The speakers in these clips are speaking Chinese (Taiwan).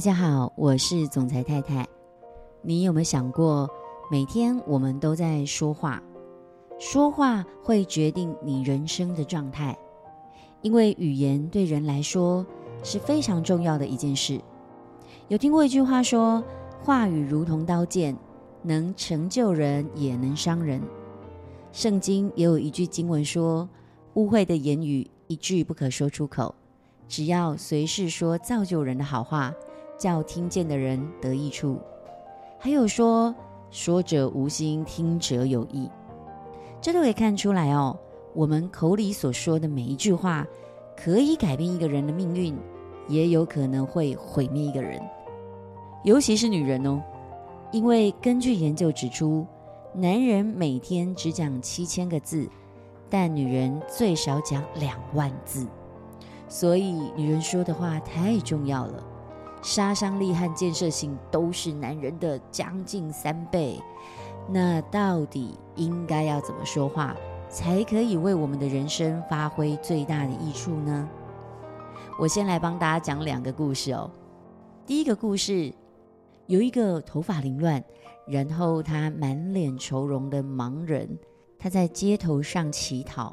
大家好，我是總裁太太。你有沒有想過，每天我們都在說話，說話會決定你人生的狀態？因為語言對人來說是非常重要的一件事。有聽過一句話說：“話語如同刀劍，能成就人，也能傷人。”聖經也有一句經文說：“污穢的言語一句不可說出口，只要隨時說造就人的好話。”叫聽見的人得益處，還有，說，說者無心，聽者有意，這都可以看出來哦。我們口裡所說的每一句話，可以改變一個人的命運，也有可能會毀滅一個人。尤其是女人哦，因為根據研究指出，男人每天只講七千個字，但女人最少講兩萬字，所以女人說的話太重要了。殺傷力和建設性都是男人的將近三倍，那到底應該要怎麼說話，才可以為我們的人生發揮最大的益處呢？我先來幫大家講兩個故事哦。第一個故事，有一個頭髮凌亂，然後他滿臉愁容的盲人，他在街頭上乞討，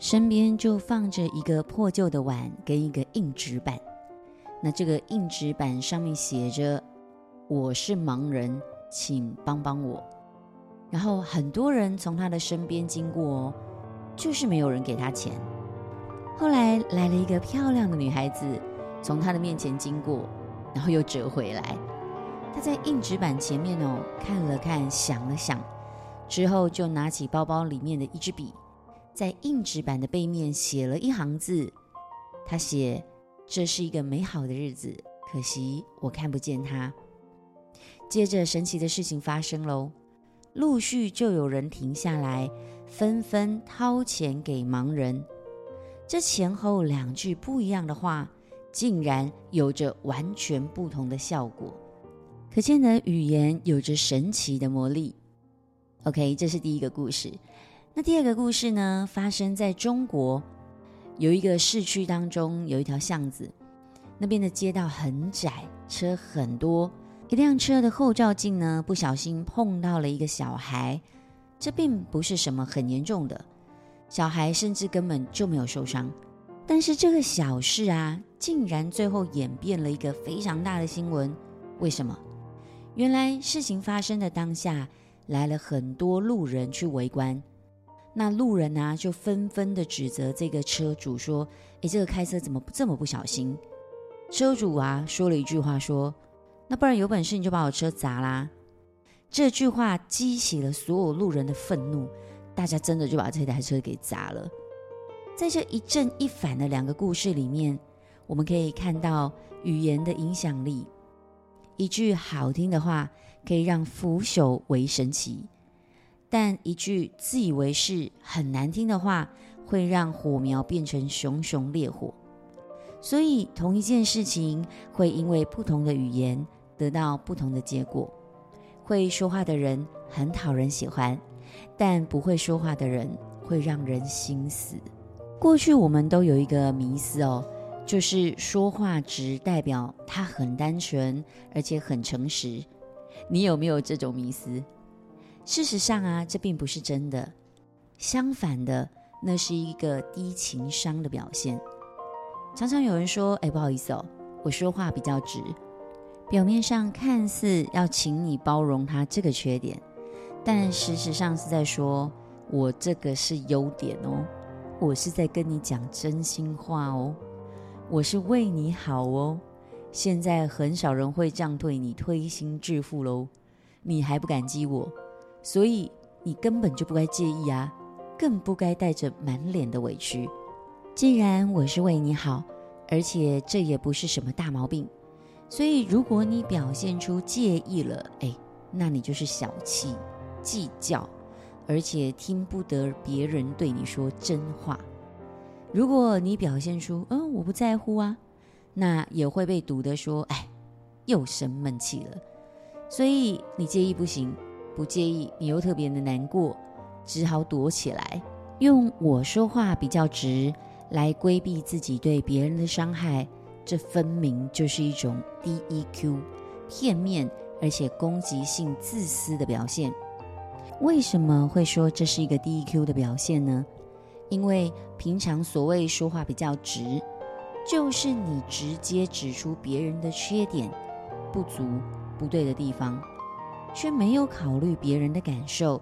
身邊就放着一個破舊的碗跟一個硬紙板。那這個硬紙板上面寫着：“我是盲人，請幫幫我。”然後很多人從他的身邊經過哦，就是沒有人給他錢。後來來了一個漂亮的女孩子，從他的面前經過，然後又折回來。她在硬紙板前面哦看了看，想了想之後，就拿起包包裡面的一支筆，在硬紙板的背面寫了一行字。她寫。這是一個美好的日子，可惜我看不見它。接着，神奇的事情發生嘍，陸續就有人停下來，紛紛掏錢給盲人。這前後兩句不一樣的話，竟然有着完全不同的效果。可見呢，語言有着神奇的魔力。OK，這是第一個故事。那第二個故事呢，發生在中國。有一個市區當中有一條巷子，那邊的街道很窄，車很多。一輛車的後照鏡呢，不小心碰到了一個小孩。這並不是什麼很嚴重的，小孩甚至根本就沒有受傷。但是這個小事啊，竟然最後演變了一個非常大的新聞。為什麼？原來事情發生的當下，來了很多路人去圍觀。那路人呢、啊，就紛紛的指責這個車主說：“哎，這個開車怎麼這麼不小心？”車主啊，說了一句話說：“那不然有本事你就把我車砸啦！”這句話激起了所有路人的憤怒，大家真的就把這台車給砸了。在這一正一反的兩個故事裡面，我們可以看到語言的影響力，一句好聽的話可以讓腐朽為神奇。但一句自以為是很難聽的話，會讓火苗變成熊熊烈火。所以同一件事情，會因為不同的語言得到不同的結果。會說話的人很討人喜歡，但不會說話的人會讓人心死。過去我們都有一個迷思哦，就是說話直代表他很單純，而且很誠實。你有沒有這種迷思？事實上啊，這並不是真的。相反的，那是一個低情商的表現。常常有人說：“哎、欸，不好意思哦，我說話比較直。”表面上看似要請你包容他這個缺點，但事實上是在說：“我這個是優點哦，我是在跟你講真心話哦，我是為你好哦。”現在很少人會這樣對你推心置腹嘍，你還不感激我？所以你根本就不該介意啊，更不該帶着滿臉的委屈。既然我是為你好，而且這也不是什麼大毛病，所以如果你表現出介意了，哎，那你就是小氣、計較，而且聽不得別人對你說真話。如果你表現出嗯，我不在乎啊，那也會被堵得說哎，又生悶氣了。所以你介意不行，不介意，你又特別的難過，只好躲起來，用我說話比較直來規避自己對別人的傷害，這分明就是一種低 EQ、片面而且攻擊性、自私的表現。為什麼會說這是一個低 EQ 的表現呢？因為平常所謂說話比較直，就是你直接指出別人的缺點、不足、不對的地方。卻沒有考慮別人的感受，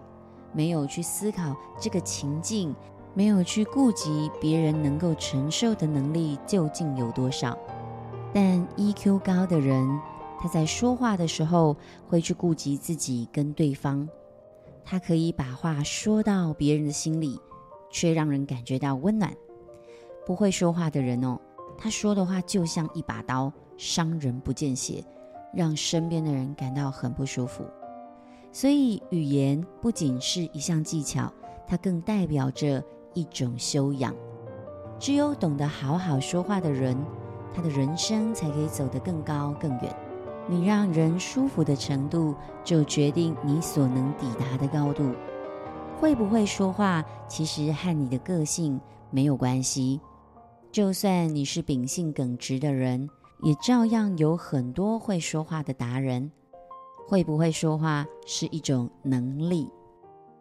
沒有去思考這個情境，沒有去顧及別人能夠承受的能力究竟有多少。但 EQ 高的人，他在說話的時候會去顧及自己跟對方，他可以把話說到別人的心裡，卻讓人感覺到溫暖。不會說話的人哦，他說的話就像一把刀，傷人不見血，讓身邊的人感到很不舒服。所以，語言不僅是一項技巧，它更代表着一種修養。只有懂得好好說話的人，他的人生才可以走得更高更遠。你讓人舒服的程度，就決定你所能抵達的高度。會不會說話，其實和你的個性沒有關係。就算你是秉性耿直的人，也照樣有很多會說話的達人。會不會說話是一種能力，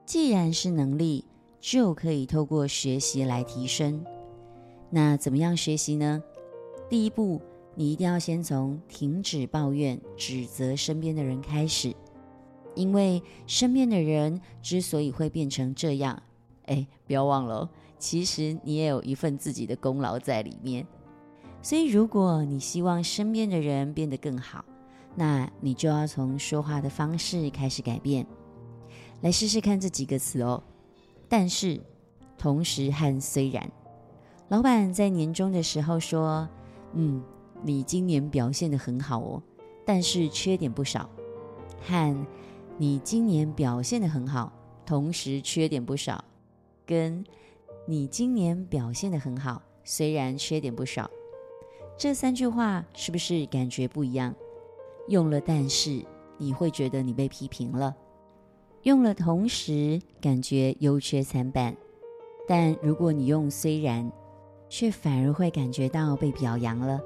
既然是能力，就可以透過學習來提升。那怎麼樣學習呢？第一步，你一定要先從停止抱怨、指責身邊的人開始，因為身邊的人之所以會變成這樣，哎，不要忘了，其實你也有一份自己的功勞在裡面。所以，如果你希望身邊的人變得更好，那你就要從說話的方式開始改變，來試試看這幾個詞哦。但是，同時和雖然，老板在年終的時候說：“嗯，你今年表現得很好哦，但是缺點不少。”和你今年表現得很好，同時缺點不少；跟你今年表現得很好，雖然缺點不少，這三句話是不是感覺不一樣？用了，但是你會覺得你被批評了；用了，同時感覺優缺參半；但如果你用雖然，卻反而會感覺到被表揚了。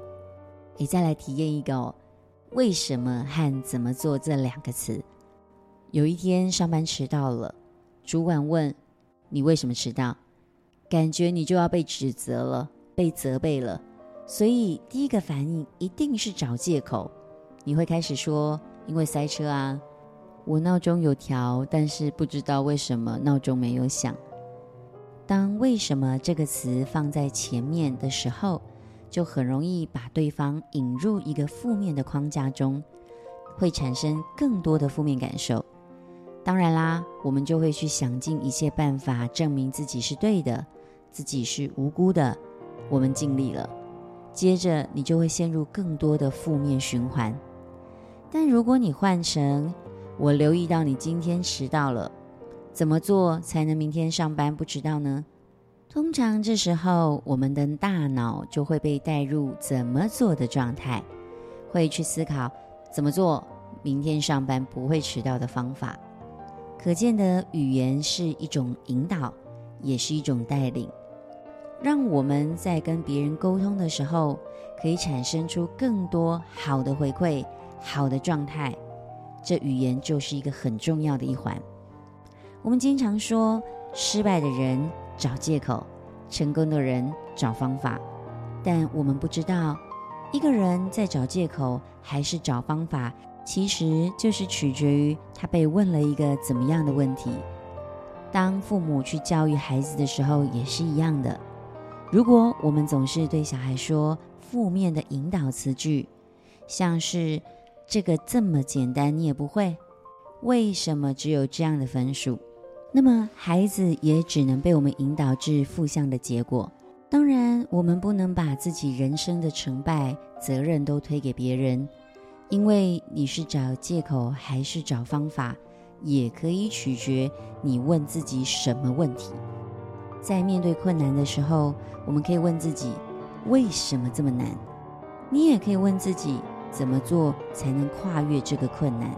你再來體驗一個哦，為什麼和怎麼做這兩個詞。有一天上班遲到了，主管問你為什麼遲到，感覺你就要被指責了、被責備了，所以第一個反應一定是找借口。你會開始說：“因為塞車啊，我鬧鐘有調，但是不知道為什麼鬧鐘沒有響。”當“為什麼”這個詞放在前面的時候，就很容易把對方引入一個負面的框架中，會產生更多的負面感受。當然啦，我們就會去想盡一切辦法證明自己是對的，自己是無辜的，我們盡力了。接着，你就會陷入更多的負面循環。但如果你換成“我留意到你今天遲到了”，怎麼做才能明天上班不遲到呢？通常這時候，我們的大腦就會被帶入“怎麼做的”狀態，會去思考怎麼做明天上班不會遲到的方法。可見，語言是一種引導，也是一種帶領，讓我們在跟別人溝通的時候，可以產生出更多好的回饋。好的狀態，這語言就是一個很重要的一環。我們經常說，失敗的人找借口，成功的人找方法。但我們不知道，一個人在找借口還是找方法，其實就是取決於他被問了一個怎麼樣的問題。當父母去教育孩子的時候，也是一樣的。如果我們總是對小孩說負面的引導詞句，像是這個這麼簡單，你也不會？為什麼只有這樣的分數？那麼孩子也只能被我們引導至負向的結果。當然，我們不能把自己人生的成敗責任都推給別人，因為你是找借口還是找方法，也可以取決你問自己什麼問題。在面對困難的時候，我們可以問自己：為什麼這麼難？你也可以問自己。怎麼做才能跨越這個困難？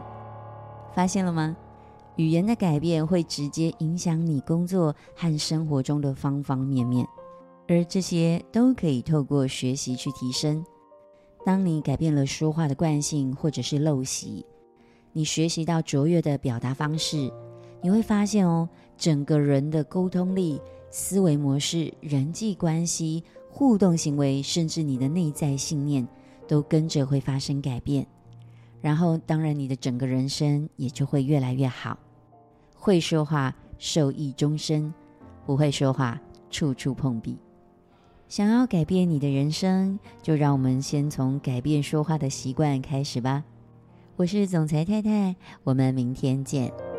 發現了嗎？語言的改變會直接影響你工作和生活中的方方面面，而這些都可以透過學習去提升。當你改變了說話的慣性或者是陋習，你學習到卓越的表達方式，你會發現哦，整個人的溝通力、思維模式、人際關係、互動行為，甚至你的內在信念。都跟着會發生改變，然後當然你的整個人生也就會越來越好。會說話受益終身，不會說話處處碰壁。想要改變你的人生，就讓我們先從改變說話的習慣開始吧。我是總裁太太，我們明天見。